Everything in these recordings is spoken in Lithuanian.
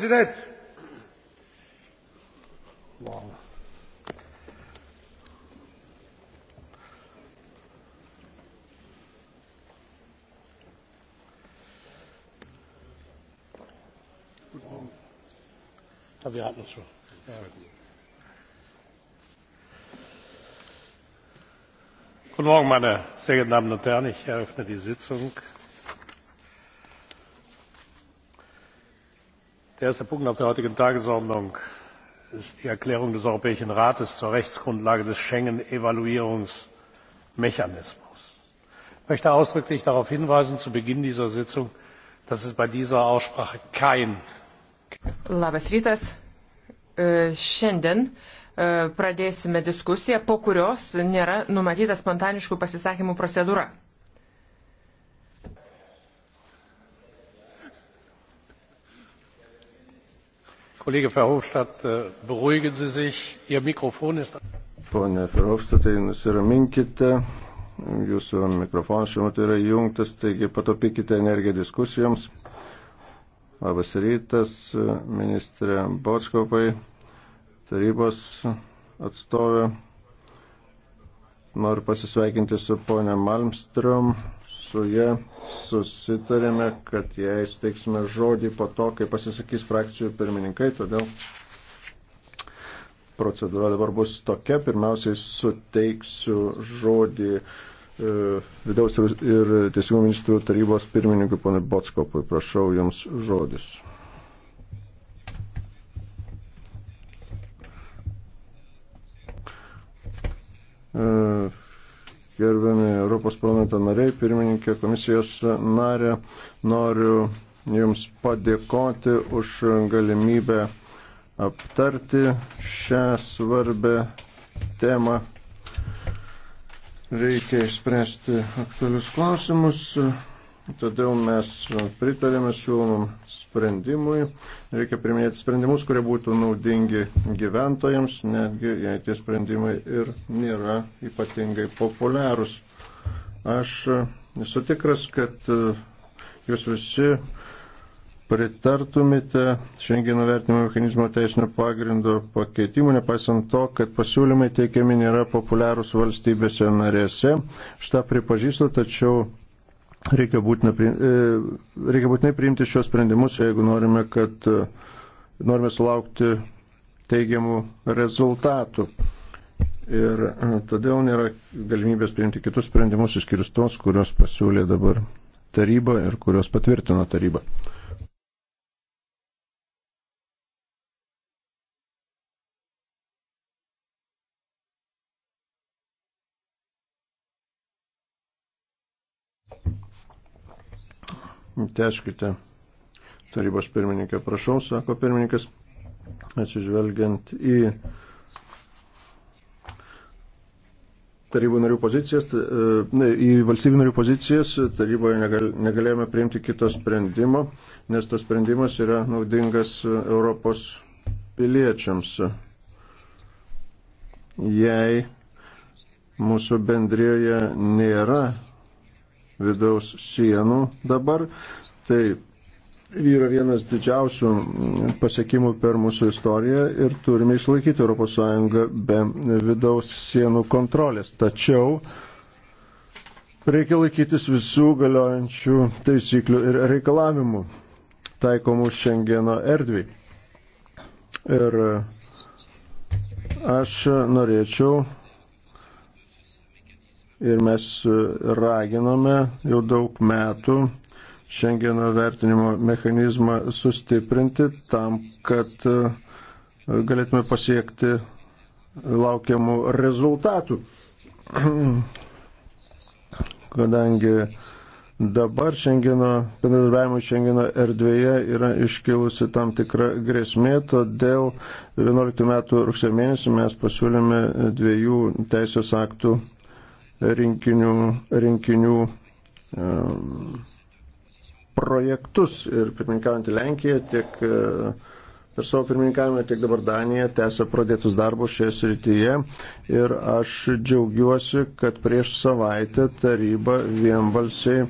President. Wow. Ja, wir hatten es schon. Ja. Guten Morgen, meine sehr geehrten Damen und Herren. Ich eröffne die Sitzung. der erste punkt auf der heutigen tagesordnung ist die erklärung des europäischen rates zur rechtsgrundlage des schengen evaluierungsmechanismus. ich möchte ausdrücklich darauf hinweisen zu beginn dieser sitzung dass es bei dieser aussprache kein labas rytas äh, šiandien äh, pradėsime diskusiją po kurios nėra numatyta spontaniškų pasisakymų procedūra. Kollege Verhofstadt, äh, beruhigen Sie sich, Ihr Mikrofon ist. Pone Verhofstadtai, nusiraminkite, Jūsų mikrofonas šiuo metu yra įjungtas, taigi patopykite energiją diskusijoms. Labas rytas, ministrė Bočkopai, tarybos atstovė. Noriu pasisveikinti su ponė Malmström. Su jie susitarėme, kad jai suteiksime žodį po to, kai pasisakys frakcijų pirmininkai. Todėl procedūra dabar bus tokia. Pirmiausiai suteiksiu žodį e, vidaus ir teisingumo ministrų tarybos pirmininkui ponui Botskopui. Prašau jums žodis. E, gerbiami Europos parlamento nariai, pirmininkė, komisijos narė, noriu Jums padėkoti už galimybę aptarti šią svarbę temą. Reikia išspręsti aktualius klausimus. Todėl mes pritarėme siūlomam sprendimui. Reikia priminėti sprendimus, kurie būtų naudingi gyventojams, netgi jei tie sprendimai ir nėra ypatingai populiarūs. Aš esu tikras, kad e, jūs visi pritartumėte šiandieno vertinimo mechanizmo teisinio pagrindo pakeitimu, nepaisant to, kad pasiūlymai teikiami nėra populiarūs valstybėse narėse. Šitą pripažįstu, tačiau Reikia, būtina, e, reikia būtinai priimti šios sprendimus, jeigu norime, kad e, norime sulaukti teigiamų rezultatų. Ir e, todėl nėra galimybės priimti kitus sprendimus, išskyrus tos, kurios pasiūlė dabar taryba ir kurios patvirtino taryba. Teškite, tarybos pirmininkė, prašau, sako pirmininkas, atsižvelgiant į tarybų narių pozicijas, e, į valstybių narių pozicijas taryboje negalėjome priimti kito sprendimo, nes tas sprendimas yra naudingas Europos piliečiams. Jei mūsų bendrijoje nėra vidaus sienų dabar. Tai yra vienas didžiausių pasiekimų per mūsų istoriją ir turime išlaikyti ES be vidaus sienų kontrolės. Tačiau reikia laikytis visų galiojančių taisyklių ir reikalavimų taikomų Šengeno erdvį. Ir aš norėčiau ir mes e, raginame jau daug metų Šengeno vertinimo mechanizmą sustiprinti tam, kad e, galėtume pasiekti laukiamų rezultatų. Kadangi dabar Šengeno, bendradarbiavimo Šengeno erdvėje yra iškilusi tam tikra grėsmė, todėl 11 metų rugsėjo mėnesį mes pasiūlėme dviejų teisės aktų rinkinių, rinkinių um, projektus ir pirmininkaujantį Lenkiją tiek uh, e, per savo pirmininkavimą, tiek dabar Danija tęsia pradėtus darbus šioje srityje. Ir aš džiaugiuosi, kad prieš savaitę taryba vienbalsiai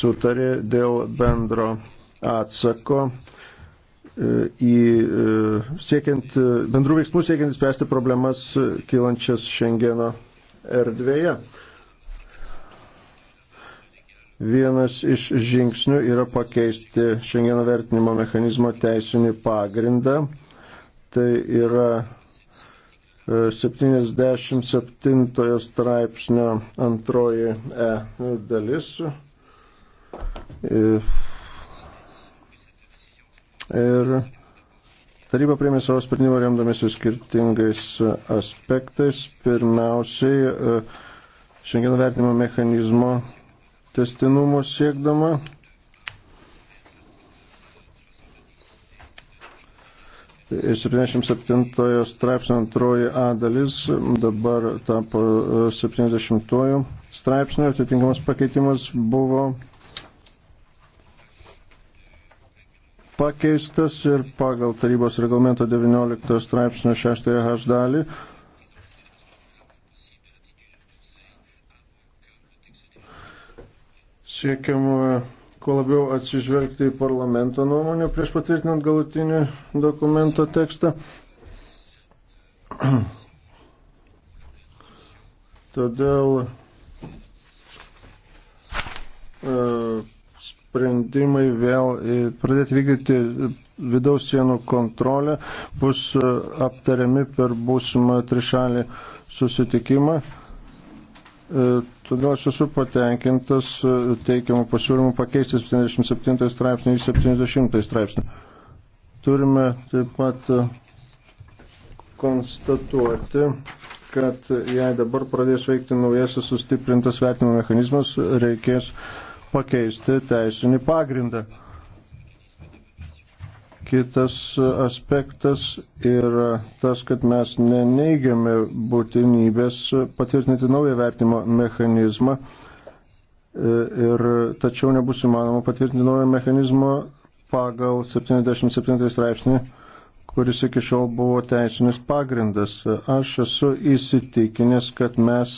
sutarė dėl bendro atsako e, į e, siekiant, bendrų veiksmų siekiant spręsti problemas kylančias Šengeno erdvėje. Vienas iš žingsnių yra pakeisti šiandieno vertinimo mechanizmo teisinį pagrindą. Tai yra 77 e, straipsnio antroji e dalis. E, ir taryba priėmė savo sprendimą remdamėsi skirtingais aspektais. Pirmiausiai, e, šiandieno vertinimo mechanizmo testinumo siekdama. Ir 77 straipsnio antroji A dalis dabar tapo 70 e, straipsnio, atitinkamas pakeitimas buvo pakeistas ir pagal tarybos reglamento 19 straipsnio 6 H dalį siekiama kuo labiau atsižvelgti į parlamento nuomonę prieš patvirtinant galutinį dokumento tekstą. Todėl e, sprendimai vėl pradėti vykdyti vidaus sienų kontrolę bus e, aptariami per būsimą trišalį susitikimą. E, todėl aš esu patenkintas e, teikiamų pasiūlymų pakeisti 77 straipsnį į 70 straipsnį. Turime taip pat e, konstatuoti, kad jei dabar pradės veikti naujasis sustiprintas vertinimo mechanizmas, reikės pakeisti teisinį pagrindą. Kitas aspektas yra tas, kad mes neneigiame būtinybės patvirtinti naują vertimo mechanizmą, e, ir tačiau nebus įmanoma patvirtinti naujo mechanizmo pagal 77 straipsnį, kuris iki šiol buvo teisinis pagrindas. Aš esu įsitikinęs, kad mes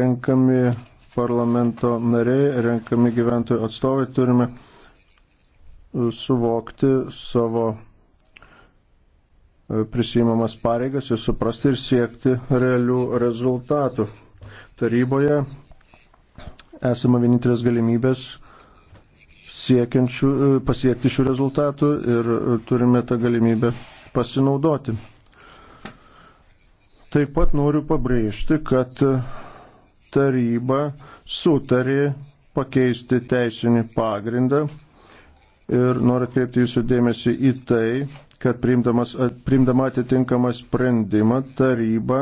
renkami parlamento nariai, renkami gyventojų atstovai turime suvokti savo e, prisimamas pareigas ir suprasti ir siekti realių rezultatų. Taryboje esama vienintelės galimybės e, pasiekti šių rezultatų ir e, turime tą galimybę pasinaudoti. Taip pat noriu pabrėžti, kad taryba sutarė pakeisti teisinį pagrindą ir noriu atkreipti jūsų dėmesį į tai, kad priimdama atitinkamą sprendimą taryba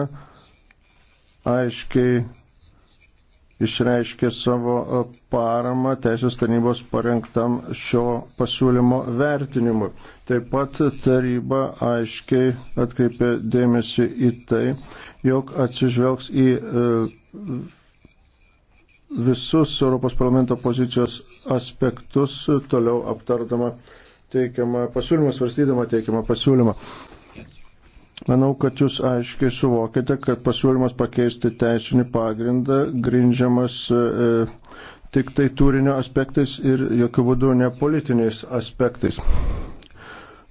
aiškiai išreiškė savo paramą teisės tarnybos parengtam šio pasiūlymo vertinimui. Taip pat taryba aiškiai atkreipė dėmesį į tai, jog atsižvelgs į e, visus Europos parlamento pozicijos aspektus toliau aptardama teikiamą pasiūlymą, svarstydama teikiamą pasiūlymą. Manau, kad jūs aiškiai suvokite, kad pasiūlymas pakeisti teisinį pagrindą grindžiamas e, tik tai turinio aspektais ir jokių būdų ne politiniais aspektais.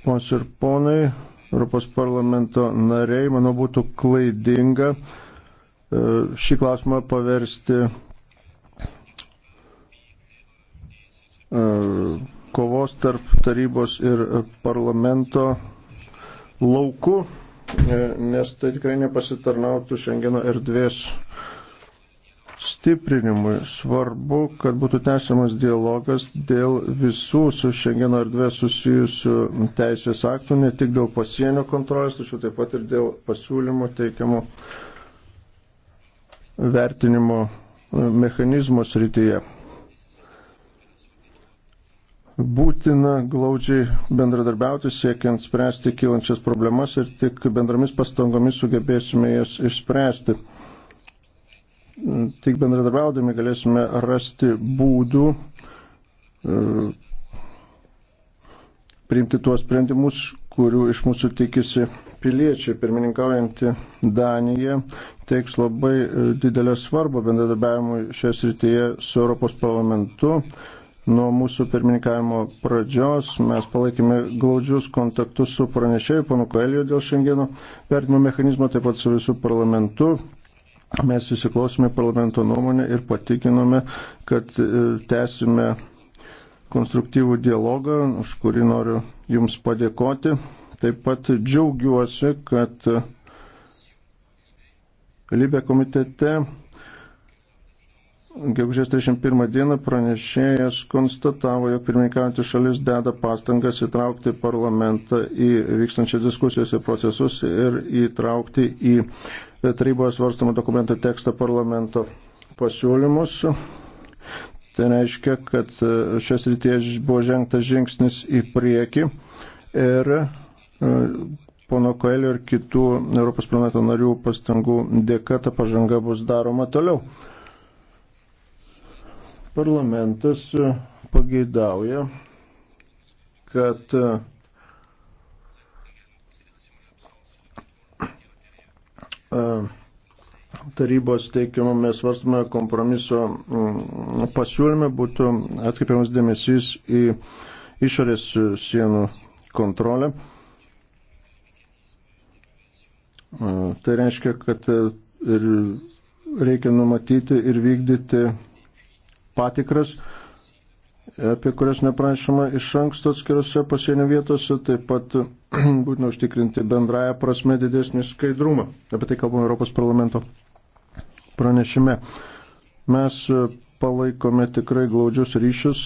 Pons ir ponai, Europos parlamento nariai, manau, būtų klaidinga e, šį klausimą paversti E, kovos tarp tarybos ir parlamento lauku, e, nes tai tikrai nepasitarnautų Šengeno erdvės stiprinimui. Svarbu, kad būtų tęsiamas dialogas dėl visų su Šengeno erdvė susijusių teisės aktų, ne tik dėl pasienio kontrolės, tačiau taip pat ir dėl pasiūlymų teikiamų vertinimo e, mechanizmo srityje būtina glaudžiai bendradarbiauti, siekiant spręsti kylančias problemas ir tik bendromis pastangomis sugebėsime jas išspręsti. Tik bendradarbiaudami galėsime rasti būdų e, priimti tuos sprendimus, kurių iš mūsų tikisi piliečiai. Pirmininkaujanti Danija teiks labai e, didelę svarbą bendradarbiavimui šioje srityje su Europos parlamentu Nuo mūsų pirmininkavimo pradžios mes palaikėme glaudžius kontaktus su pranešėju, panu Koeliu, dėl šiandieno vertimo mechanizmo, taip pat su visų parlamentu. Mes įsiklausome parlamento nuomonę ir patikinome, kad e, tęsime konstruktyvų dialogą, už kurį noriu Jums padėkoti. Taip pat džiaugiuosi, kad e, Libė komitete Gegužės 31 dieną pranešėjas konstatavo, jog pirmininkaujantį šalis deda pastangas įtraukti parlamentą į vykstančias diskusijas ir procesus ir įtraukti į taryboje svarstamą dokumentą tekstą parlamento pasiūlymus. Tai reiškia, kad šias ryties buvo žengtas žingsnis į priekį ir e, pono Koelio ir kitų Europos planeto narių pastangų dėka ta pažanga bus daroma toliau. Parlamentas e, pageidauja, kad e, e, tarybos teikiamame svarstame kompromiso mm, pasiūlyme būtų atskaipiamas dėmesys į išorės sienų kontrolę. Tai reiškia, kad ir reikia numatyti ir vykdyti patikras, apie kurias neprašoma iš anksto atskirose pasienio vietose, taip pat būtina užtikrinti bendrąją prasme didesnį skaidrumą. Apie tai kalbame Europos parlamento pranešime. Mes palaikome tikrai glaudžius ryšius.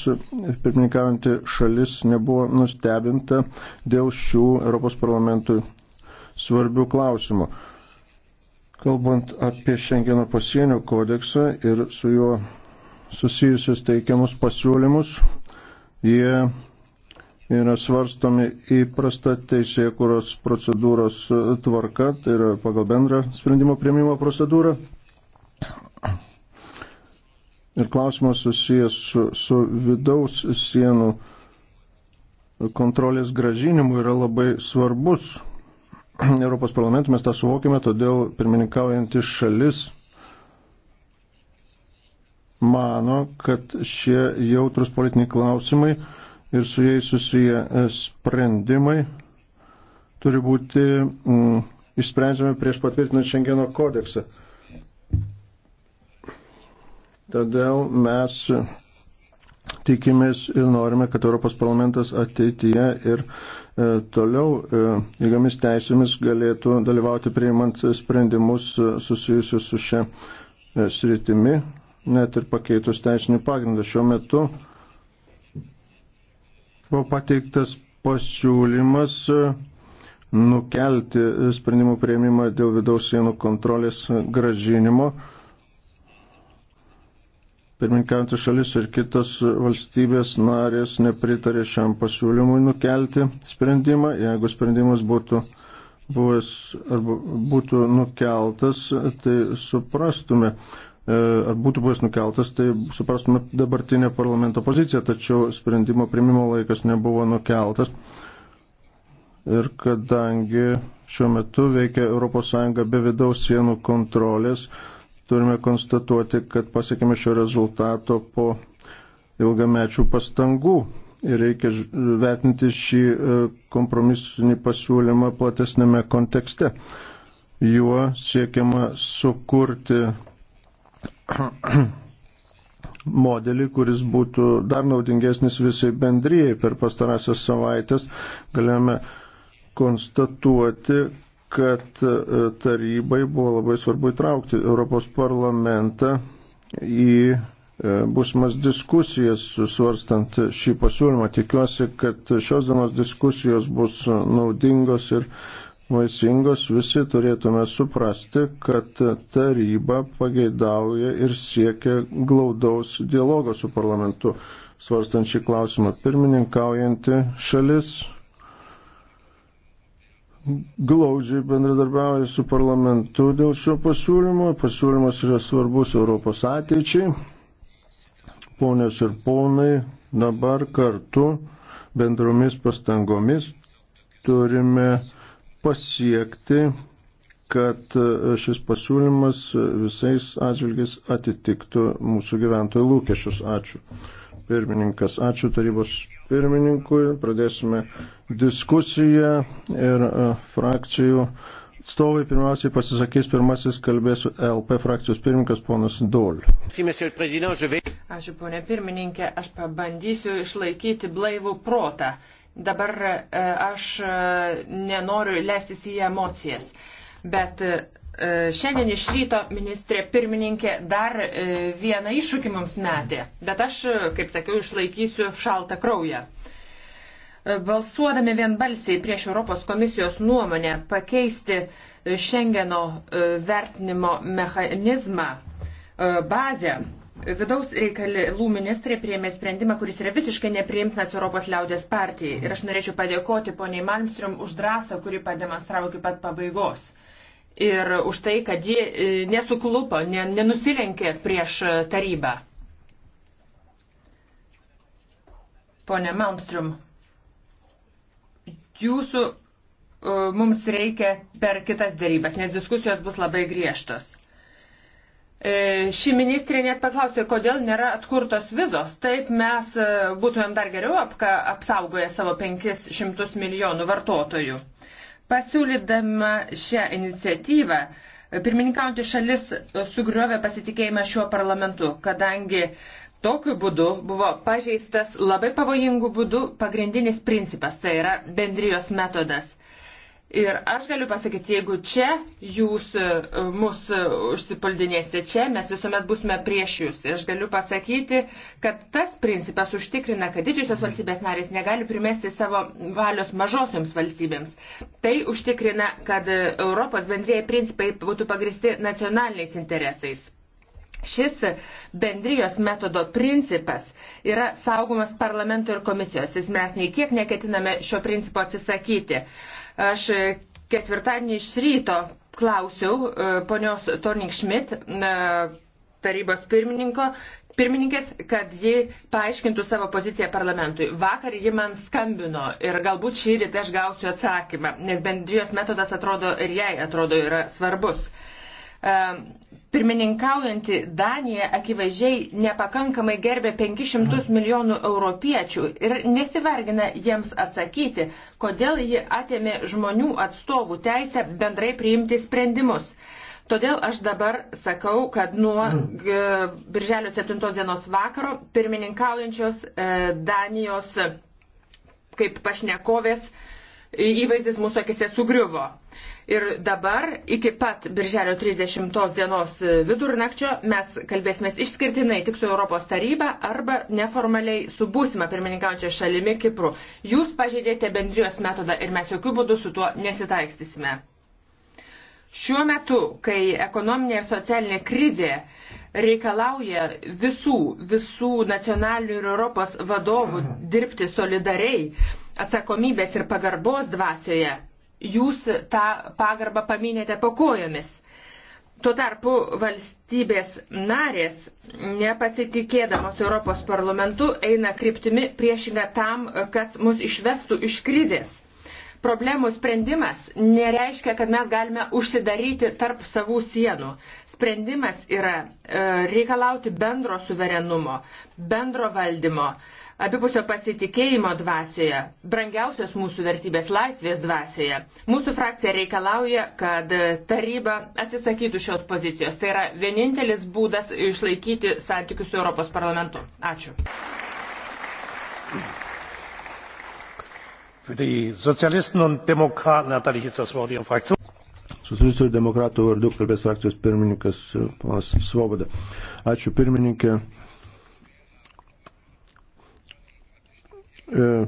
Pirmininkaujantį šalis nebuvo nustebinta dėl šių Europos parlamentui svarbių klausimų. Kalbant apie Šengeno pasienio kodeksą ir su juo susijusius teikiamus pasiūlymus. Jie yra svarstomi įprasta teisėkuros procedūros tvarka, tai yra pagal bendrą sprendimo prieimimo procedūrą. Ir klausimas susijęs su, su vidaus sienų kontrolės gražinimu yra labai svarbus. Europos parlamentui mes tą suvokime, todėl pirmininkaujantis šalis mano, kad šie jautrus politiniai klausimai ir su jais susiję e, sprendimai turi būti mm, išsprendžiami prieš patvirtinant Šengeno kodeksą. Todėl mes tikimės ir norime, kad Europos parlamentas ateityje ir e, toliau e, ilgomis teisėmis galėtų dalyvauti priimant sprendimus e, susijusius su šia e, sritimi, net ir pakeitus teisinį pagrindą. Šiuo metu buvo pateiktas pasiūlymas e, nukelti sprendimų prieimimą dėl vidaus sienų kontrolės gražinimo. Pirminkiaujantų šalis ir kitos valstybės narės nepritarė šiam pasiūlymui nukelti sprendimą. Jeigu sprendimas būtų buvęs arba būtų nukeltas, tai suprastume, E, ar būtų buvęs nukeltas, tai suprastume dabartinę parlamento poziciją, tačiau sprendimo primimo laikas nebuvo nukeltas. Ir kadangi šiuo metu veikia ES be vidaus sienų kontrolės, turime konstatuoti, kad pasiekime šio rezultato po ilgamečių pastangų. Ir reikia vertinti šį e, kompromisinį pasiūlymą platesnėme kontekste. Juo siekiama sukurti modelį, kuris būtų dar naudingesnis visai bendryjai. Per pastarąsias savaitės galėjome konstatuoti, kad e, tarybai buvo labai svarbu įtraukti Europos parlamentą į e, būsimas diskusijas susvarstant šį pasiūlymą. Tikiuosi, kad šios dienos diskusijos bus naudingos ir vaisingos, visi turėtume suprasti, kad taryba pageidauja ir siekia glaudaus dialogo su parlamentu. Svarstant šį klausimą, pirmininkaujanti šalis glaudžiai bendradarbiauja su parlamentu dėl šio pasiūlymo. Pasiūlymas yra svarbus Europos ateičiai. Ponios ir ponai, dabar kartu bendromis pastangomis turime pasiekti, kad šis pasiūlymas visais atžvilgiais atitiktų mūsų gyventojų lūkesčius. Ačiū. Pirmininkas, ačiū tarybos pirmininkui. Pradėsime diskusiją ir e, frakcijų atstovai pirmiausiai pasisakys. Pirmasis kalbės LP frakcijos pirmininkas ponas Dol. Ačiū, ponė pirmininkė. Aš pabandysiu išlaikyti blaivų protą. Dabar e, aš e, nenoriu leistis į emocijas, bet e, šiandien iš ryto ministrė pirmininkė dar vieną iššūkį mums metė, bet aš, kaip sakiau, išlaikysiu šaltą kraują. Balsuodami vienbalsiai prieš Europos komisijos nuomonę pakeisti Šengeno vertinimo mechanizmą, bazę, Vidaus reikalų ministrė priėmė sprendimą, kuris yra visiškai nepriimtinas Europos liaudės partijai. Ir aš norėčiau padėkoti poniai Malmström už drąsą, kuri pademonstravo iki pat pabaigos. Ir už tai, kad ji e, nesuklupo, nenusilenkė prieš tarybą. Pone Malmström, jūsų e, mums reikia per kitas dėrybas, nes diskusijos bus labai griežtos. E, ši ministrė net paklausė, kodėl nėra atkurtos vizos. Taip mes e, būtumėm dar geriau apka, apsaugoję savo 500 milijonų vartotojų. Pasiūlydama šią iniciatyvą, pirmininkaujantį šalis sugriovė pasitikėjimą šiuo parlamentu, kadangi tokiu būdu buvo pažeistas labai pavojingų būdų pagrindinis principas, tai yra bendrijos metodas. Ir aš galiu pasakyti, jeigu čia jūs e, mus e, užsipuldinėsite, čia mes visuomet busime prieš jūs. Ir aš galiu pasakyti, kad tas principas užtikrina, kad didžiosios valstybės narės negali primesti savo valios mažosioms valstybėms. Tai užtikrina, kad e, Europos bendrėjai principai būtų pagristi nacionaliniais interesais. Šis bendrijos metodo principas yra saugomas parlamento ir komisijos. Jis mes nei kiek neketiname šio principo atsisakyti. Aš ketvirtadienį iš ryto klausiau e, ponios Torning Schmidt e, tarybos pirmininko, pirmininkės, kad ji paaiškintų savo poziciją parlamentui. Vakar ji man skambino ir galbūt šį rytą aš gausiu atsakymą, nes bendrijos metodas atrodo ir jai atrodo yra svarbus. Uh, pirmininkaujanti Danija akivaizdžiai nepakankamai gerbė 500 milijonų europiečių ir nesivargina jiems atsakyti, kodėl ji atėmė žmonių atstovų teisę bendrai priimti sprendimus. Todėl aš dabar sakau, kad nuo mm. birželio 7 dienos vakaro pirmininkaujančios e, Danijos kaip pašnekovės įvaizdis mūsų akise sugriuvo. Ir dabar iki pat birželio 30 dienos vidurnakčio mes kalbėsime išskirtinai tik su Europos taryba arba neformaliai su būsima pirmininkaujančia šalimi Kipru. Jūs pažeidėte bendrijos metodą ir mes jokių būdų su tuo nesitaikstysime. Šiuo metu, kai ekonominė ir socialinė krizė reikalauja visų, visų nacionalinių ir Europos vadovų dirbti solidariai, atsakomybės ir pagarbos dvasioje, jūs tą pagarbą paminėte po kojomis. Tuo tarpu valstybės narės, nepasitikėdamos Europos parlamentu, eina kryptimi priešinga tam, kas mus išvestų iš krizės. Problemų sprendimas nereiškia, kad mes galime užsidaryti tarp savų sienų. Sprendimas yra e, reikalauti bendro suverenumo, bendro valdymo. E, abipusio pasitikėjimo dvasioje, brangiausios mūsų vertybės laisvės dvasioje. Mūsų frakcija reikalauja, kad taryba atsisakytų šios pozicijos. Tai yra vienintelis būdas išlaikyti santykius su Europos parlamentu. Ačiū. Socialistų ir demokratų vardu kalbės frakcijos pirmininkas Svoboda. Ačiū pirmininkė. E,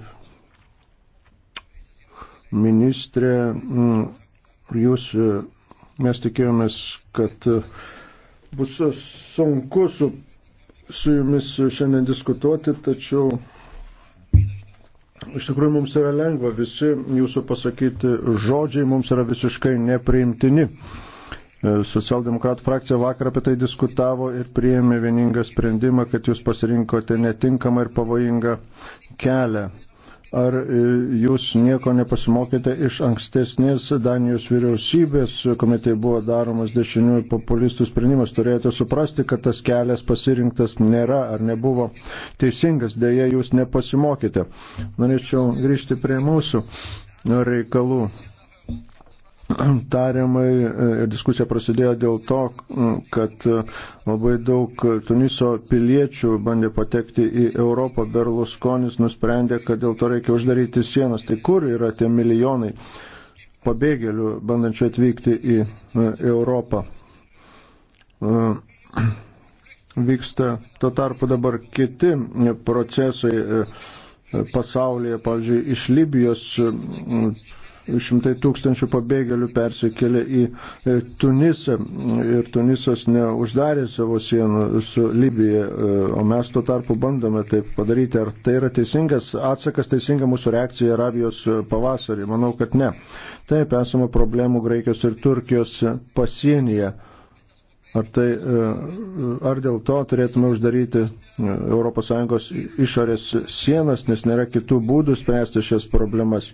ministrė, jūs, e, mes tikėjomės, kad e, bus sunku su, su jumis šiandien diskutuoti, tačiau iš tikrųjų mums yra lengva, visi jūsų pasakyti žodžiai mums yra visiškai nepriimtini. E, socialdemokratų frakcija vakar apie tai diskutavo ir priėmė vieningą sprendimą, kad jūs pasirinkote netinkamą ir pavojingą kelią. Ar e, jūs nieko nepasimokėte iš ankstesnės Danijos vyriausybės, kuomet tai buvo daromas dešiniųjų populistų sprendimas, turėjote suprasti, kad tas kelias pasirinktas nėra ar nebuvo teisingas, dėja jūs nepasimokėte. Norėčiau grįžti prie mūsų reikalų tariamai e, ir diskusija prasidėjo dėl to, kad e, labai daug Tuniso piliečių bandė patekti į Europą. Berlusconis nusprendė, kad dėl to reikia uždaryti sienas. Tai kur yra tie milijonai pabėgėlių bandančių atvykti į e, Europą? Vyksta tuo tarpu dabar kiti procesai pasaulyje, pavyzdžiui, iš Libijos šimtai tūkstančių pabėgėlių persikėlė į e, Tunisą ir Tunisas neuždarė savo sienų su Libija, e, o mes tuo tarpu bandome taip padaryti. Ar tai yra teisingas atsakas, teisinga mūsų reakcija Arabijos pavasarį? Manau, kad ne. Taip, esame problemų Graikijos ir Turkijos pasienyje. Ar, tai, e, ar dėl to turėtume uždaryti ES išorės sienas, nes nėra kitų būdų spręsti šias problemas.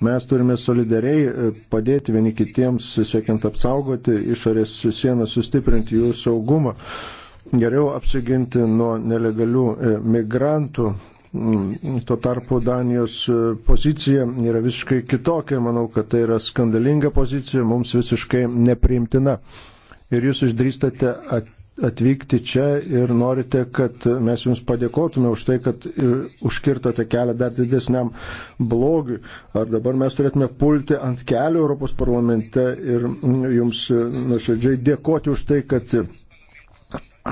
Mes turime solidariai e, padėti vieni kitiems, siekiant apsaugoti išorės sieną, sustiprinti jų saugumą, geriau apsiginti nuo nelegalių e, migrantų. Mm, tuo tarpu Danijos e, pozicija yra visiškai kitokia, manau, kad tai yra skandalinga pozicija, mums visiškai nepriimtina. Ir jūs išdrįstate at atvykti čia ir norite, kad mes jums padėkotume už tai, kad užkirtote kelią dar didesniam blogiui. Ar dabar mes turėtume pulti ant kelių Europos parlamente ir jums nuoširdžiai dėkoti už tai, kad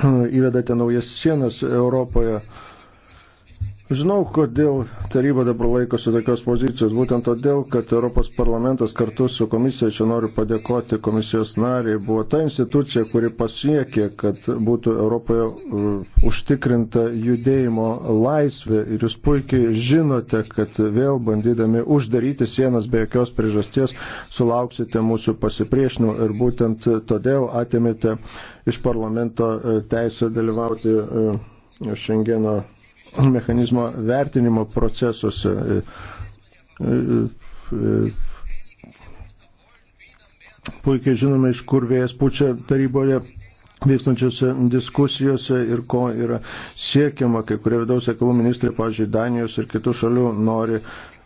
įvedate naujas sienas Europoje. Žinau, kodėl taryba dabar laikosi tokios pozicijos, būtent todėl, kad Europos parlamentas kartu su komisija, čia noriu padėkoti komisijos nariai, buvo ta institucija, kuri pasiekė, kad būtų Europoje uh, užtikrinta judėjimo laisvė ir jūs puikiai žinote, kad vėl bandydami uždaryti sienas be jokios priežasties sulauksite mūsų pasipriešinimų ir būtent todėl atimėte iš parlamento uh, teisę dalyvauti uh, Šengeno mechanizmo vertinimo procesuose. Puikiai žinome, iš kur vėjas pučia taryboje vykstančiose diskusijose ir ko yra siekiama, kai kurie vidaus reikalų ministrai, pavyzdžiui, Danijos ir kitų šalių nori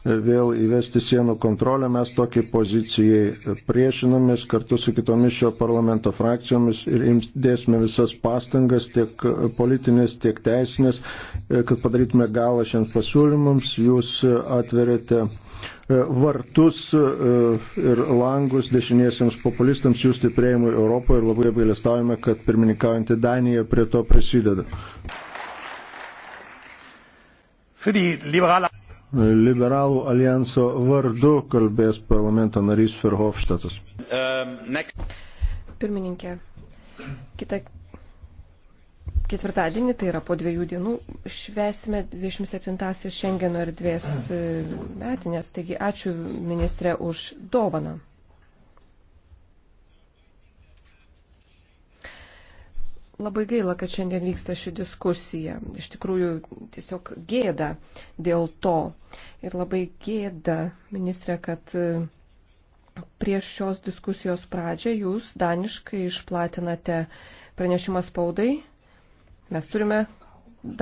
vėl įvesti sienų kontrolę. Mes tokiai pozicijai priešinamės kartu su kitomis šio parlamento frakcijomis ir dėsime visas pastangas, tiek politinės, tiek teisinės, e, kad padarytume galą šiandien pasiūlymams. Jūs atverėte e, vartus e, ir langus dešiniesiems populistams jų stiprėjimui Europoje ir labai apgailestavome, kad pirmininkaujantį Daniją prie to prisideda. Für die liberale liberalų alijanso vardu kalbės parlamento narys Ferhofštatas. Um, Pirmininkė, kitą ketvirtadienį, tai yra po dviejų dienų, švesime 27-asias Šengeno erdvės e, metinės. Taigi ačiū ministrė už dovaną. Labai gaila, kad šiandien vyksta ši diskusija. Iš tikrųjų, tiesiog gėda dėl to. Ir labai gėda, ministrė, kad e, prieš šios diskusijos pradžią jūs daniškai išplatinate pranešimą spaudai. Mes turime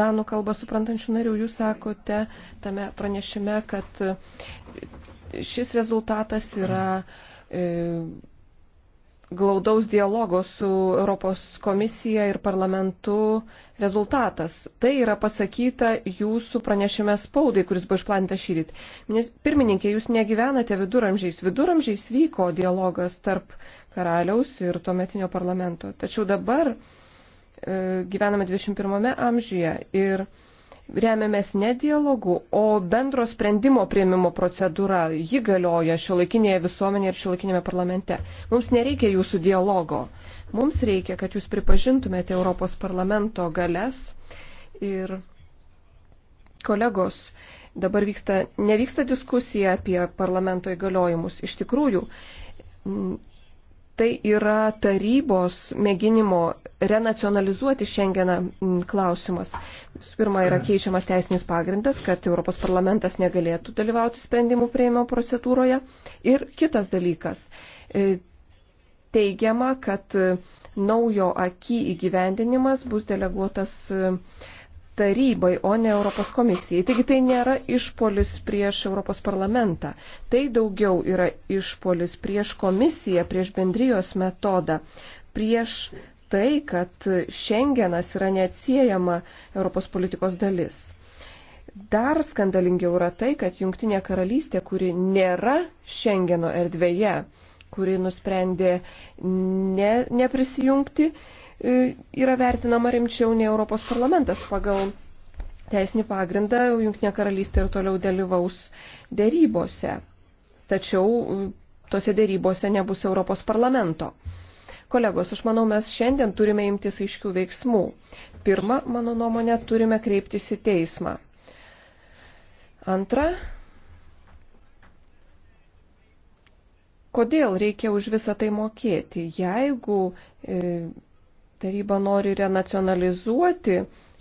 danų kalbą suprantančių narių. Jūs sakote tame pranešime, kad e, šis rezultatas yra. E, glaudaus dialogo su Europos komisija ir parlamentu rezultatas. Tai yra pasakyta jūsų pranešime spaudai, kuris buvo išplantas šyryt. Pirmininkė, jūs negyvenate viduramžiais. Viduramžiais vyko dialogas tarp karaliaus ir tuometinio parlamento. Tačiau dabar e, gyvename 21 amžiuje ir remiamės ne dialogu, o bendro sprendimo prieimimo procedūra. Ji galioja šio laikinėje visuomenėje ir šio laikinėme parlamente. Mums nereikia jūsų dialogo. Mums reikia, kad jūs pripažintumėte Europos parlamento galės ir kolegos. Dabar vyksta, nevyksta diskusija apie parlamento įgaliojimus. Iš tikrųjų, tai yra tarybos mėginimo renacionalizuoti šiandieną klausimas. Visų pirma, yra keičiamas teisinis pagrindas, kad Europos parlamentas negalėtų dalyvauti sprendimų prieimimo procedūroje. Ir kitas dalykas. E, teigiama, kad e, naujo akį įgyvendinimas bus deleguotas e, tarybai, o ne Europos komisijai. Taigi tai nėra išpolis prieš Europos parlamentą. Tai daugiau yra išpolis prieš komisiją, prieš bendrijos metodą, prieš tai, kad šiandienas yra neatsiejama Europos politikos dalis. Dar skandalingiau yra tai, kad Junktinė karalystė, kuri nėra šiandieno erdvėje, kuri nusprendė ne, neprisijungti, E, yra vertinama rimčiau nei Europos parlamentas pagal teisinį pagrindą, Junktinė karalystė ir toliau dalyvaus dėrybose. Tačiau e, tose dėrybose nebus Europos parlamento. Kolegos, aš manau, mes šiandien turime imtis aiškių veiksmų. Pirma, mano nuomonė, turime kreiptis į teismą. Antra, kodėl reikia už visą tai mokėti, jeigu e, taryba nori renacionalizuoti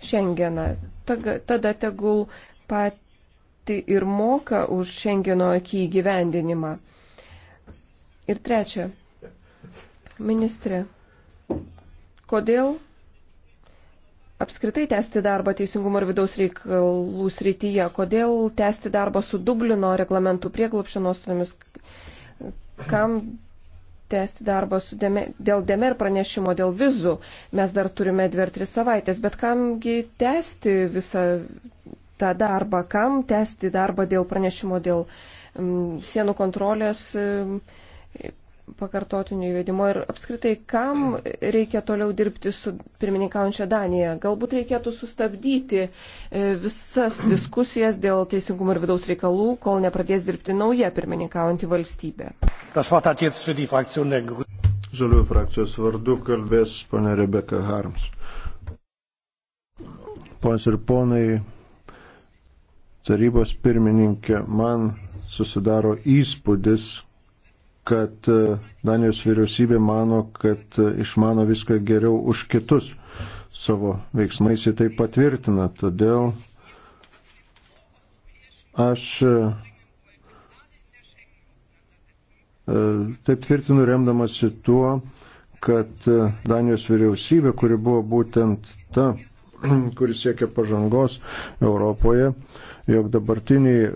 Šengeną, tada tegul pati ir moka už Šengeno akį įgyvendinimą. Ir trečia, ministrė, kodėl apskritai tęsti darbą teisingumo ir vidaus reikalų srityje, kodėl tęsti darbą su Dublino reglamentų prieglopšio nuostatomis, kam tęsti darbą deme, dėl demer pranešimo, dėl vizų. Mes dar turime dvi ar tris savaitės, bet kamgi tęsti visą tą darbą, kam tęsti darbą dėl pranešimo, dėl um, sienų kontrolės. Um, pakartotiniu įvedimu ir apskritai, kam reikia toliau dirbti su pirmininkaujančia Danija? Galbūt reikėtų sustabdyti e, visas diskusijas dėl teisingumo ir vidaus reikalų, kol nepradės dirbti nauja pirmininkaujanti valstybė. Žaliųjų frakcijos vardu kalbės ponė Rebeka Harms. Ponas ir ponai, tarybos pirmininkė, man susidaro įspūdis, kad e, Danijos vyriausybė mano, kad e, išmano viską geriau už kitus savo veiksmais į tai patvirtina. Todėl aš e, taip tvirtinu remdamasi tuo, kad Danijos vyriausybė, kuri buvo būtent ta, kuris siekia pažangos Europoje, jog dabartiniai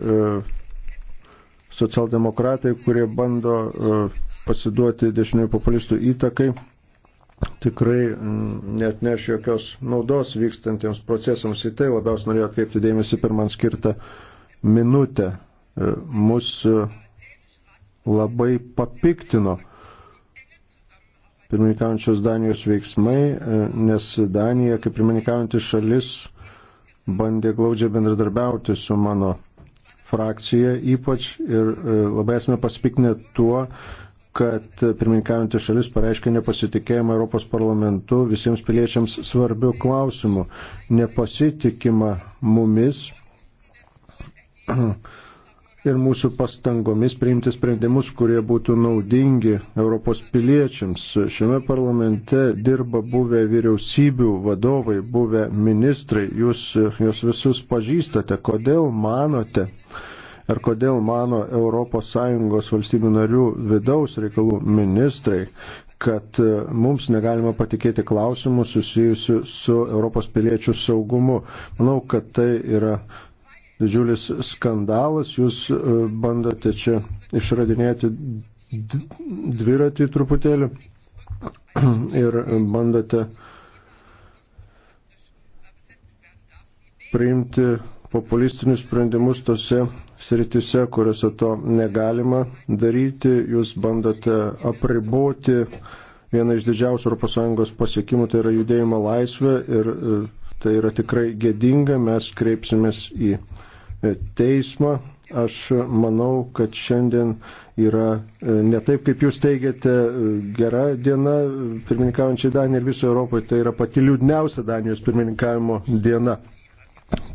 socialdemokratai, kurie bando e, pasiduoti dešiniųjų populistų įtakai, tikrai mm, net neš jokios naudos vykstantiems procesams. Į tai labiausiai norėjau atkreipti dėmesį per man skirtą minutę. E, Mūsų e, labai papiktino pirmininkaujančios Danijos veiksmai, nes Danija, kaip pirmininkaujantis šalis, bandė glaudžiai bendradarbiauti su mano frakcija ypač ir e, labai esame pasipiknę tuo, kad pirmininkaujantį šalis pareiškė nepasitikėjimą Europos parlamentu visiems piliečiams svarbių klausimų. Nepasitikima mumis ir mūsų pastangomis priimti sprendimus, kurie būtų naudingi Europos piliečiams. Šiame parlamente dirba buvę vyriausybių vadovai, buvę ministrai. Jūs juos visus pažįstate. Kodėl manote? Ar kodėl mano ES valstybių narių vidaus reikalų ministrai, kad e, mums negalima patikėti klausimų susijusių su Europos piliečių saugumu? Manau, kad tai yra didžiulis skandalas, jūs e, bandote čia išradinėti dviratį truputėlį ir bandote priimti populistinius sprendimus tose sritise, kuriuose to negalima daryti. Jūs bandote apriboti vieną iš didžiausių ES pasiekimų, tai yra judėjimo laisvė ir e, tai yra tikrai gėdinga. Mes kreipsimės į teismą. Aš manau, kad šiandien yra e, ne taip, kaip jūs teigiate, e, gera diena e, pirmininkaujančiai Danijai ir viso Europoje. Tai yra pati liūdniausia Danijos pirmininkavimo diena.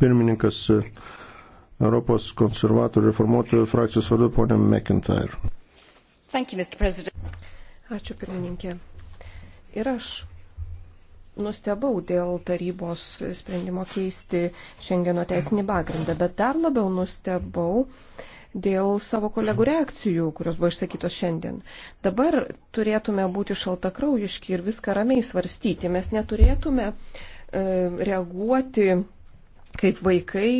Pirmininkas Europos konservatorių reformuotojų frakcijos vardu ponė McIntyre. You, Ačiū pirmininkė. Ir aš nustebau dėl tarybos sprendimo keisti šiandieno teisinį pagrindą, bet dar labiau nustebau dėl savo kolegų reakcijų, kurios buvo išsakytos šiandien. Dabar turėtume būti šaltakraujiški ir viską ramiai svarstyti. Mes neturėtume e, reaguoti kaip vaikai,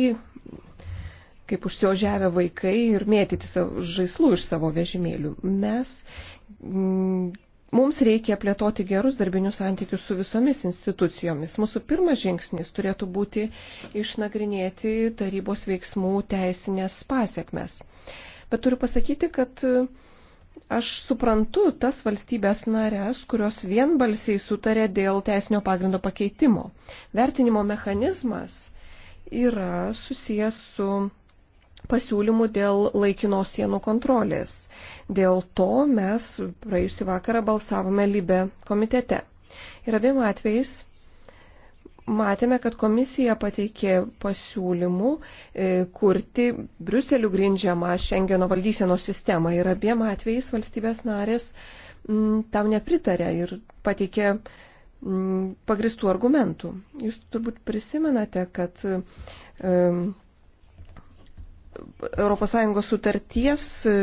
kaip užsiožiavę vaikai ir mėtyti žaislų iš savo vežimėlių. Mes Mums reikia plėtoti gerus darbinius santykius su visomis institucijomis. Mūsų pirmas žingsnis turėtų būti išnagrinėti tarybos veiksmų teisinės pasiekmes. Bet turiu pasakyti, kad e, aš suprantu tas valstybės narės, kurios vienbalsiai sutarė dėl teisinio pagrindo pakeitimo. Vertinimo mechanizmas yra susijęs su pasiūlymu dėl laikinos sienų kontrolės. Dėl to mes praėjusį vakarą balsavome Libe komitete. Ir abiem atvejais matėme, kad komisija pateikė pasiūlymų e, kurti Briuselių grindžiamą Šengeno valdysenos sistemą ir abiem atvejais valstybės narės mm, tam nepritarė ir pateikė mm, pagristų argumentų. Jūs turbūt prisimenate, kad ES sutarties e,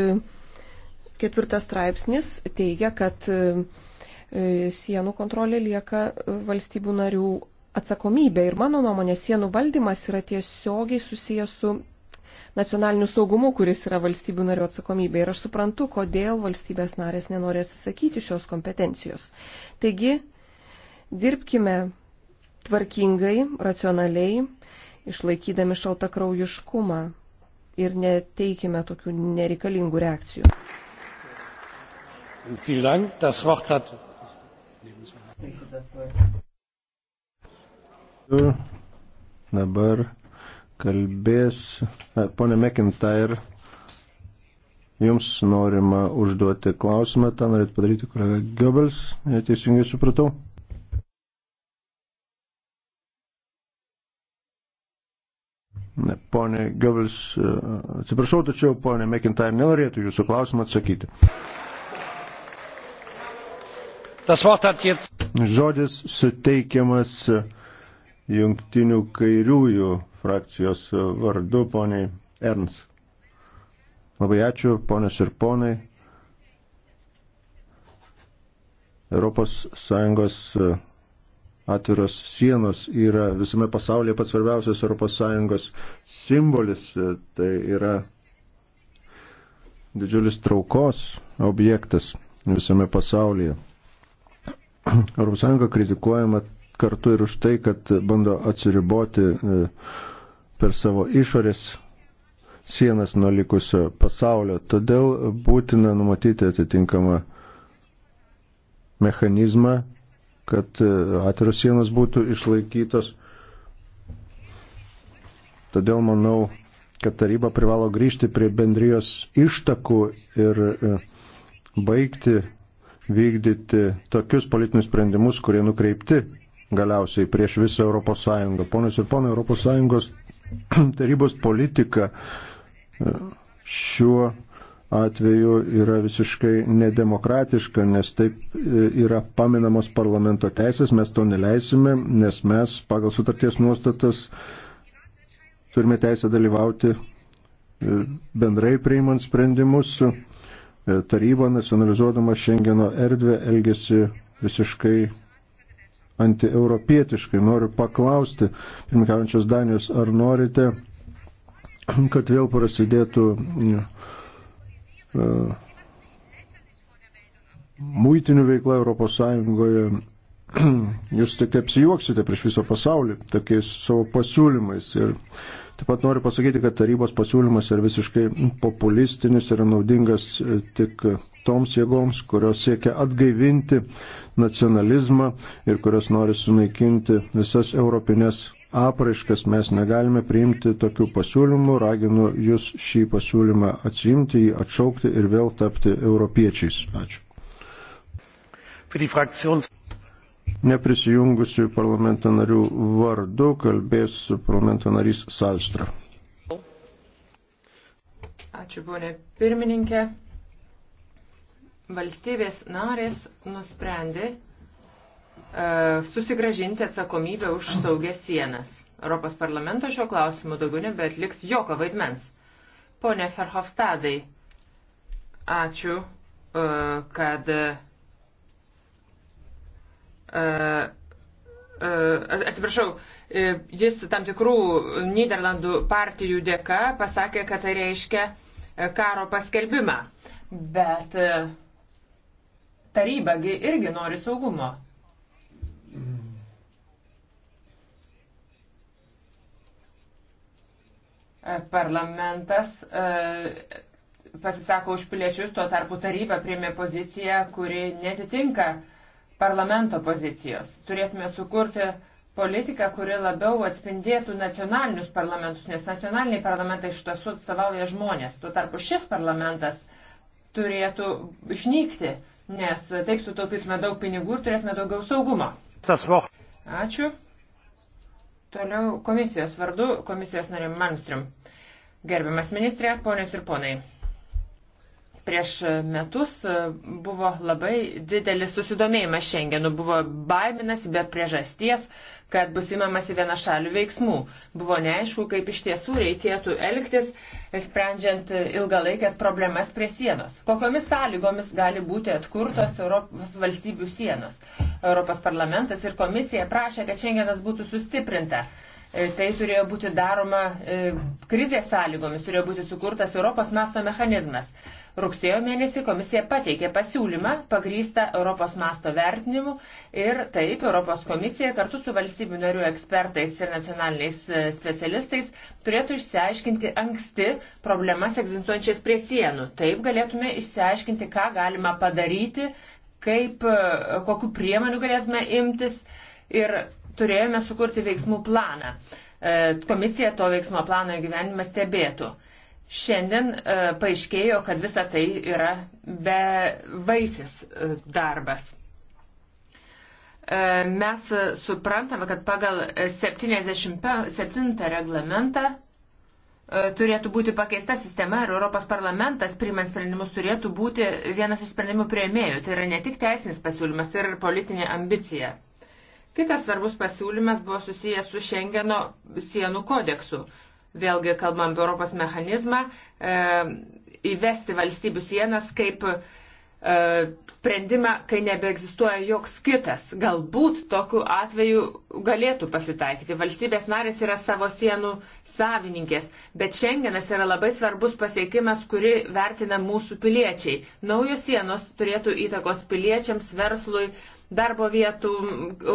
Ketvirtas straipsnis teigia, kad e, e, sienų kontrolė lieka e, valstybių narių atsakomybė. Ir mano nuomonė, sienų valdymas yra tiesiogiai susijęs su nacionaliniu saugumu, kuris yra valstybių narių atsakomybė. Ir aš suprantu, kodėl valstybės narės nenori atsisakyti šios kompetencijos. Taigi, dirbkime tvarkingai, racionaliai, išlaikydami šaltą kraujiškumą ir neteikime tokių nereikalingų reakcijų. Vielen Dank. Das Wort hat. Dabar kalbės ponė McIntyre. Jums norima užduoti klausimą, tą norėt padaryti kolega Goebbels, neteisingai supratau. Ne, ponė Goebbels, atsiprašau, tačiau ponė McIntyre nenorėtų jūsų klausimą atsakyti. Žodis suteikiamas jungtinių kairiųjų frakcijos vardu, poniai Ernst. Labai ačiū, ponės ir ponai. ES atviros sienos yra visame pasaulyje pats svarbiausias ES simbolis. Tai yra didžiulis traukos objektas visame pasaulyje. ES kritikuojama kartu ir už tai, kad bando atsiriboti e, per savo išorės sienas nuo likusio pasaulio. Todėl būtina numatyti atitinkamą mechanizmą, kad e, atviros sienos būtų išlaikytos. Todėl manau, kad taryba privalo grįžti prie bendrijos ištakų ir e, baigti vykdyti tokius politinius sprendimus, kurie nukreipti galiausiai prieš visą Europos Sąjungą. Ponios ir ponai, Europos Sąjungos tarybos politika e, šiuo atveju yra visiškai nedemokratiška, nes taip e, yra paminamos parlamento teisės, mes to neleisime, nes mes pagal sutarties nuostatas turime teisę dalyvauti e, bendrai priimant sprendimus E, taryba nacionalizuodama Šengeno erdvę elgesi visiškai antieuropietiškai. Noriu paklausti, pirmikaujančios Danijos, ar norite, kad vėl prasidėtų uh, muitinių veikla Europos Sąjungoje. Jūs tik tai apsijuoksite prieš visą pasaulį tokiais savo pasiūlymais. Ir uh, Taip pat noriu pasakyti, kad tarybos pasiūlymas yra visiškai populistinis ir naudingas e, tik toms jėgoms, kurios siekia atgaivinti nacionalizmą ir kurios nori sunaikinti visas europinės apraiškas. Mes negalime priimti tokių pasiūlymų, raginu jūs šį pasiūlymą atsimti, jį atšaukti ir vėl tapti europiečiais. Ačiū neprisijungusių parlamento narių vardu kalbės parlamento narys Salstra. Ačiū, ponė pirmininkė. Valstybės narės nusprendė e, susigražinti atsakomybę už saugę sienas. Europos parlamento šio klausimu daugiau nebeatliks jokio vaidmens. Pone Ferhofstadai, ačiū, e, kad E, e, atsiprašau, e, jis tam tikrų Niderlandų partijų dėka pasakė, kad tai reiškia karo paskelbimą. Bet tarybagi irgi nori saugumo. Parlamentas pasisako už piliečius, tuo tarpu taryba priemė poziciją, kuri netitinka uh, parlamento pozicijos. Turėtume sukurti politiką, kuri labiau atspindėtų nacionalinius parlamentus, nes nacionaliniai parlamentai iš tiesų atstovauja žmonės. Tuo tarpu šis parlamentas turėtų išnykti, nes taip sutaupytume daug pinigų ir turėtume daugiau saugumo. Ačiū. Toliau komisijos vardu, komisijos narė Manstrim. Gerbiamas ministrė, ponios ir ponai. Prieš metus e, buvo labai didelis susidomėjimas šiandienu, buvo baiminas be priežasties, kad bus imamasi viena šalių veiksmų. Buvo neaišku, kaip iš tiesų reikėtų elgtis, sprendžiant ilgalaikės problemas prie sienos. Kokiomis sąlygomis gali būti atkurtos Europos valstybių sienos. Europos parlamentas ir komisija prašė, kad šiandienas būtų sustiprinta. E, tai turėjo būti daroma e, krizės sąlygomis, turėjo būti sukurtas Europos masto mechanizmas. Rugsėjo mėnesį komisija pateikė pasiūlymą pagrįstą Europos masto vertinimu ir taip Europos komisija kartu su valstybių narių ekspertais ir nacionaliniais e, specialistais turėtų išsiaiškinti anksti problemas egzistuojančias prie sienų. Taip galėtume išsiaiškinti, ką galima padaryti, kaip, e, kokiu priemonių galėtume imtis ir turėjome sukurti veiksmų planą. E, komisija to veiksmo plano gyvenimą stebėtų. Šiandien e, paaiškėjo, kad visa tai yra bevaisis e, darbas. E, mes suprantame, kad pagal 77 reglamentą e, turėtų būti pakeista sistema ir Europos parlamentas, priimant sprendimus, turėtų būti vienas iš sprendimų prieimėjų. Tai yra ne tik teisinis pasiūlymas, tai yra ir politinė ambicija. Kitas svarbus pasiūlymas buvo susijęs su Šengeno sienų kodeksu vėlgi kalbam apie Europos mechanizmą, e, įvesti valstybių sienas kaip e, sprendimą, kai nebeegzistuoja joks kitas. Galbūt tokiu atveju galėtų pasitaikyti. Valstybės narės yra savo sienų savininkės, bet šiandienas yra labai svarbus pasiekimas, kuri vertina mūsų piliečiai. Naujos sienos turėtų įtakos piliečiams, verslui, darbo vietų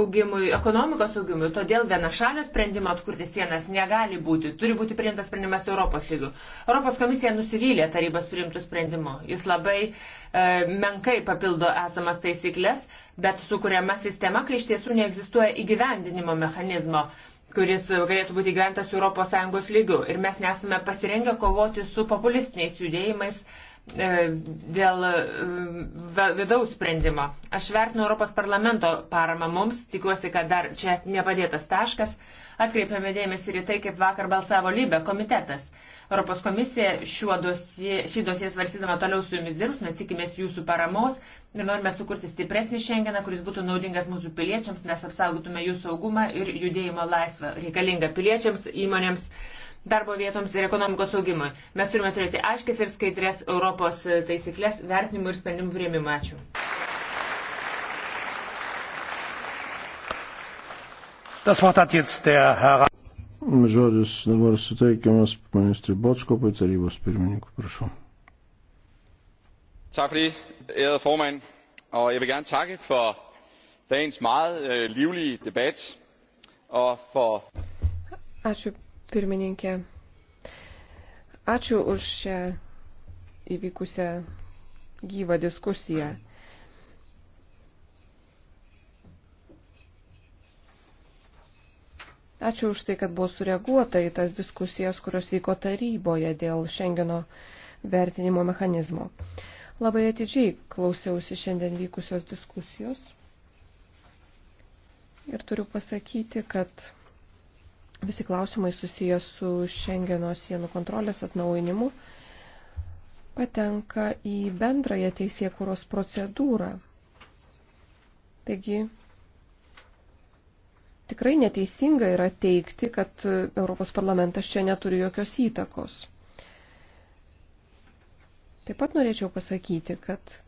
augimui, ekonomikos augimui. Todėl vienašalio sprendimo atkurti sienas negali būti. Turi būti priimtas sprendimas Europos lygių. Europos komisija nusivylė tarybos priimtų sprendimu. Jis labai e, menkai papildo esamas taisyklės, bet sukuriama sistema, kai iš tiesų neegzistuoja įgyvendinimo mechanizmo kuris galėtų būti gyventas ES lygių. Ir mes nesame pasirengę kovoti su populistiniais judėjimais, uh, E, dėl e, vidaus sprendimo. Aš vertinu Europos parlamento paramą mums, tikiuosi, kad dar čia nepadėtas taškas. Atkreipiame dėmesį ir į tai, kaip vakar balsavo Lybė komitetas. Europos komisija dosie, šį dosiją svarstydama toliau su jumis dirbs, mes tikimės jūsų paramos ir norime sukurti stipresnį šiandieną, kuris būtų naudingas mūsų piliečiams, mes apsaugotume jų saugumą ir judėjimo laisvę reikalingą piliečiams, įmonėms darbo vietoms ir ekonomikos augimui. Mes turime turėti aiškis ir skaidrės Europos taisyklės vertinimų ir sprendimų prieimimą. Ačiū. Das Wort hat jetzt der Herr. Žodis dabar suteikiamas ministrui Botskopui, tarybos pirmininkui, prašau. Tak for det, ærede formand, og jeg vil gerne takke for dagens meget øh, livlige debat og for... Ačiū pirmininkė. Ačiū už šią įvykusią gyvą diskusiją. Ačiū už tai, kad buvo sureaguota į tas diskusijas, kurios vyko taryboje dėl Šengeno vertinimo mechanizmo. Labai atidžiai klausiausi šiandien vykusios diskusijos ir turiu pasakyti, kad Visi klausimai susijęs su Šengeno sienų kontrolės atnaujinimu patenka į bendrąją teisėkūros procedūrą. Taigi, tikrai neteisinga yra teikti, kad Europos parlamentas čia neturi jokios įtakos. Taip pat norėčiau pasakyti, kad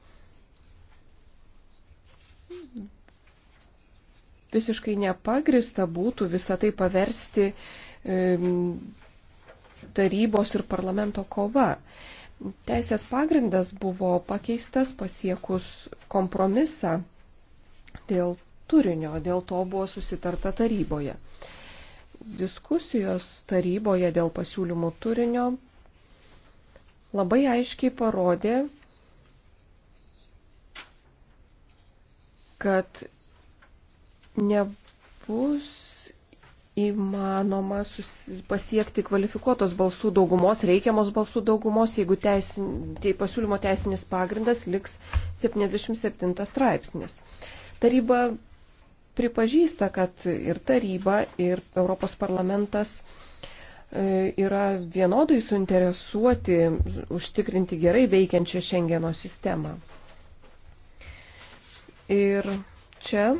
visiškai nepagrista būtų visą tai paversti tarybos ir parlamento kova. Teisės pagrindas buvo pakeistas pasiekus kompromisą dėl turinio, dėl to buvo susitarta taryboje. Diskusijos taryboje dėl pasiūlymų turinio labai aiškiai parodė, kad nebus įmanoma pasiekti kvalifikuotos balsų daugumos, reikiamos balsų daugumos, jeigu teisin, tai pasiūlymo teisinis pagrindas liks 77 straipsnis. Taryba pripažįsta, kad ir taryba, ir Europos parlamentas e, yra vienodai suinteresuoti užtikrinti gerai veikiančią Šengeno sistemą. Ir čia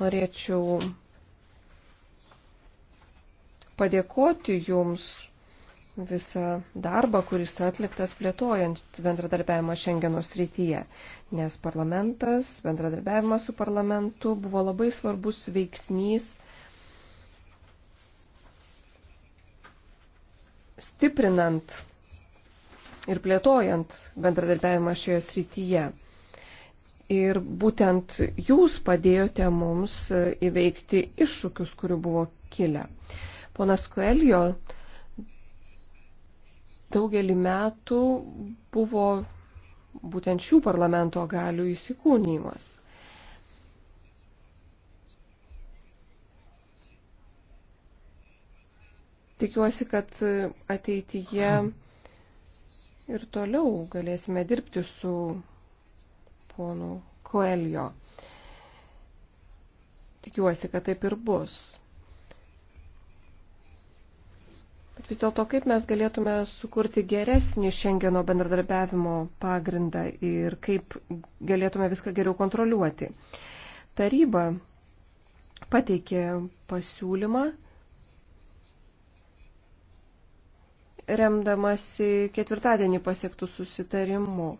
Norėčiau padėkoti Jums visą darbą, kuris atliktas plėtojant bendradarbiavimą Šengeno srityje, nes parlamentas, bendradarbiavimas su parlamentu buvo labai svarbus veiksnys stiprinant ir plėtojant bendradarbiavimą šioje srityje. Ir būtent jūs padėjote mums e, įveikti iššūkius, kurių buvo kilę. Ponas Koelio daugelį metų buvo būtent šių parlamento galių įsikūnymas. Tikiuosi, kad ateityje ir toliau galėsime dirbti su ponu Koelio. Tikiuosi, kad taip ir bus. Bet vis dėlto, kaip mes galėtume sukurti geresnį Šengeno bendradarbiavimo pagrindą ir kaip galėtume viską geriau kontroliuoti. Taryba pateikė pasiūlymą, remdamasi ketvirtadienį pasiektų susitarimu.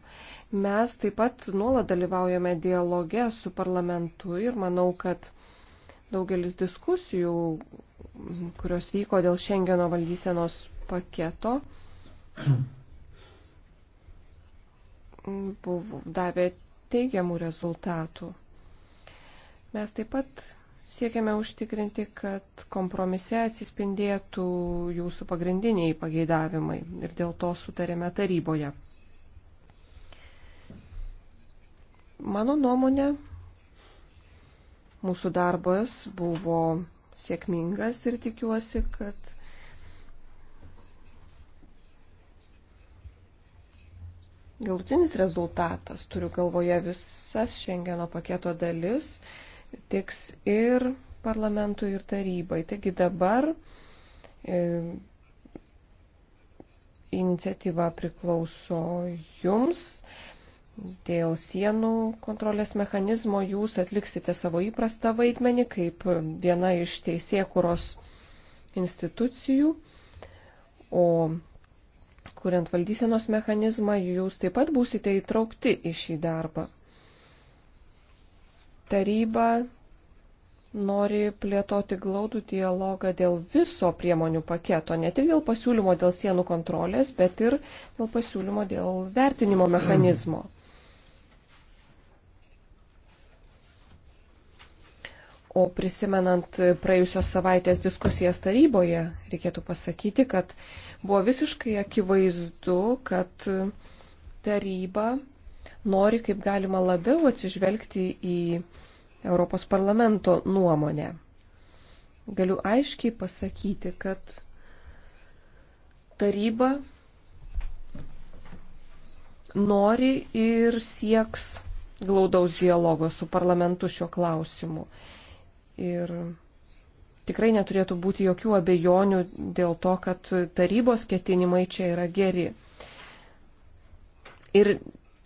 Mes taip pat nuolat dalyvaujame dialoge su parlamentu ir manau, kad daugelis diskusijų, kurios vyko dėl Šengeno valdysenos paketo, buvo, davė teigiamų rezultatų. Mes taip pat siekiame užtikrinti, kad kompromise atsispindėtų jūsų pagrindiniai pageidavimai ir dėl to sutarėme taryboje. Mano nuomonė, mūsų darbas buvo sėkmingas ir tikiuosi, kad galutinis rezultatas, turiu galvoje visas Šengeno paketo dalis, tiks ir parlamentui, ir tarybai. Taigi dabar e, iniciatyva priklauso jums. E, Dėl sienų kontrolės mechanizmo jūs atliksite savo įprastą vaidmenį kaip viena iš teisėkuros institucijų, o kuriant valdysenos mechanizmą jūs taip pat būsite įtraukti į šį darbą. Taryba nori plėtoti glaudų dialogą dėl viso priemonių paketo, ne tik dėl pasiūlymo dėl sienų kontrolės, bet ir dėl pasiūlymo dėl vertinimo mechanizmo. Mm. O prisimenant praėjusios savaitės diskusijas taryboje, reikėtų pasakyti, kad buvo visiškai akivaizdu, kad taryba nori kaip galima labiau atsižvelgti į Europos parlamento nuomonę. Galiu aiškiai pasakyti, kad taryba nori ir sieks glaudaus dialogo su parlamentu šiuo klausimu. Ir tikrai neturėtų būti jokių abejonių dėl to, kad tarybos ketinimai čia yra geri. Ir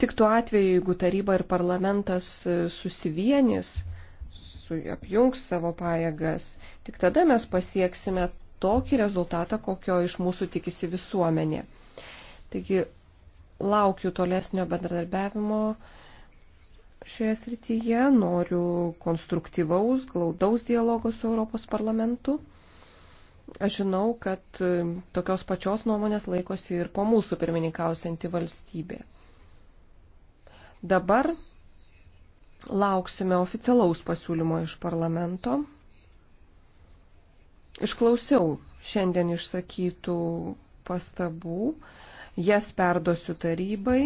tik tuo atveju, jeigu taryba ir parlamentas susivienys, apjungs savo pajėgas, tik tada mes pasieksime tokį rezultatą, kokio iš mūsų tikisi visuomenė. Taigi laukiu tolesnio bendradarbiavimo šioje srityje, noriu konstruktyvaus, glaudaus dialogo su Europos parlamentu. Aš žinau, kad e, tokios pačios nuomonės laikosi ir po mūsų pirmininkausianti valstybė. Dabar lauksime oficialaus pasiūlymo iš parlamento. Išklausiau šiandien išsakytų pastabų, jas perdosiu tarybai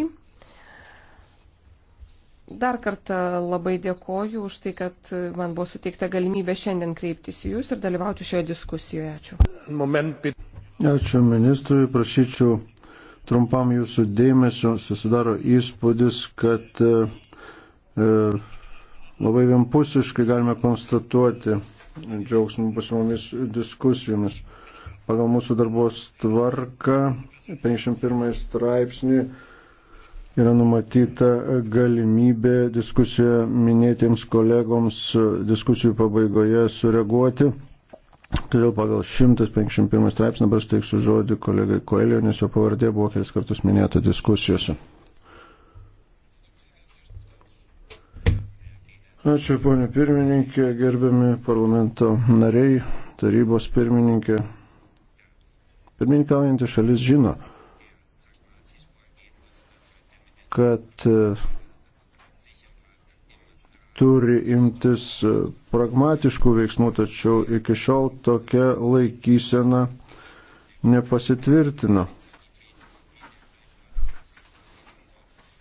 Dar kartą labai dėkoju už tai, kad man buvo suteikta galimybė šiandien kreiptis į Jūs ir dalyvauti šioje diskusijoje. Ačiū. Moment. Ačiū ministrui, prašyčiau trumpam Jūsų dėmesio. Susidaro įspūdis, kad e, e labai vienpusiškai galime konstatuoti džiaugsmų pasimomis diskusijomis. Pagal mūsų darbos tvarką 51 straipsnį yra numatyta galimybė diskusijoje minėtiems kolegoms diskusijų pabaigoje sureaguoti. Todėl pagal 151 straipsnį dabar steiksiu žodį kolegai Koelio, nes jo pavardė buvo kelis kartus minėta diskusijose. Ačiū, ponė pirmininkė, gerbiami parlamento nariai, tarybos pirmininkė. Pirmininkaujantį šalis žino, kad e, turi imtis e, pragmatiškų veiksmų, tačiau iki šiol tokia laikysena nepasitvirtino.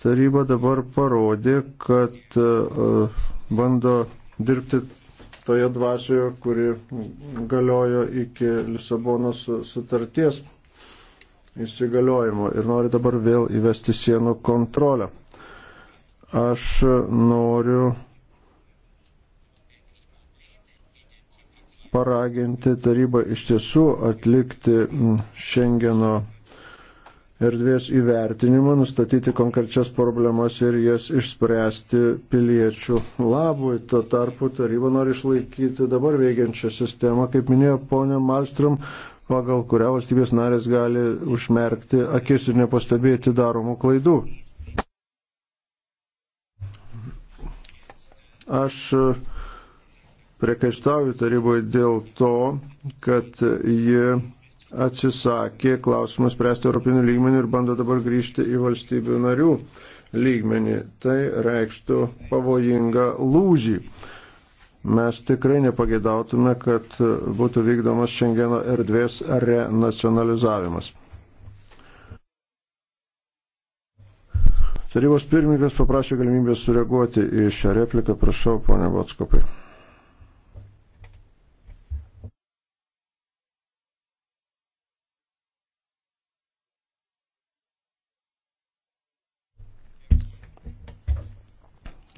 Taryba dabar parodė, kad e, bando dirbti toje dvasioje, kuri galiojo iki Lisabonos sutarties įsigaliojimo ir nori dabar vėl įvesti sienų kontrolę. Aš noriu paraginti tarybą iš tiesų atlikti Šengeno erdvės įvertinimą, nustatyti konkrečias problemas ir jas išspręsti piliečių labui. Tuo tarpu taryba nori išlaikyti dabar veikiančią sistemą, kaip minėjo ponė Malstrom, pagal kurią valstybės narės gali užmerkti akis ir nepastebėti daromų klaidų. Aš e, priekaištauju taryboje dėl to, kad ji atsisakė klausimus spręsti Europinių lygmenių ir bando dabar grįžti į valstybių narių lygmenį. Tai reikštų pavojingą lūžį. Mes tikrai nepageidautume, kad būtų vykdomas Šengeno erdvės renacionalizavimas. Tarybos pirmininkas paprašė galimybės sureaguoti į šią repliką. Prašau, ponė Vatskopai.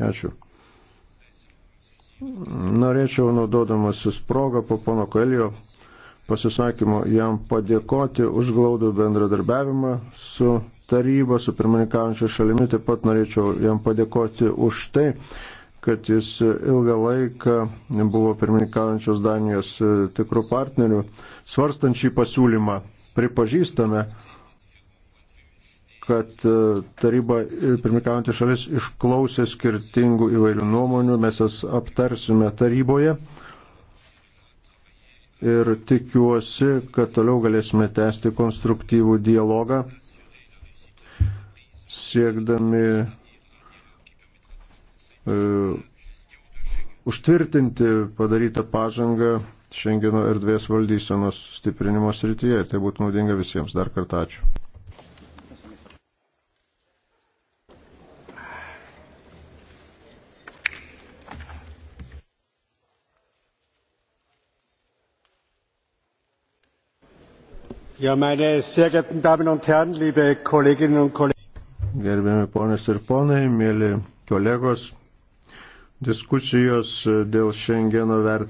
Ačiū. Norėčiau, naudodamasis progą po pono Koelio pasisakymo, jam padėkoti už glaudų bendradarbiavimą su taryba, su pirmininkaujančia šalimi. Taip pat norėčiau jam padėkoti už tai, kad jis ilgą laiką buvo pirmininkaujančios Danijos tikrų partnerių. Svarstant šį pasiūlymą, pripažįstame, kad e, taryba pirmikaujantys šalis išklausė skirtingų įvairių nuomonių, mes jas aptarsime taryboje ir tikiuosi, kad toliau galėsime tęsti konstruktyvų dialogą, siekdami uh, užtvirtinti padarytą pažangą Šengeno erdvės valdysenos stiprinimo srityje ir tai būtų naudinga visiems. Dar kartą ačiū. Ja, meine sehr geehrten Damen und Herren, liebe Kolleginnen und Kollegen. Gerbėmi ponės ir ponai, mėly kolegos, diskusijos e, dėl Schengeno vertinimo.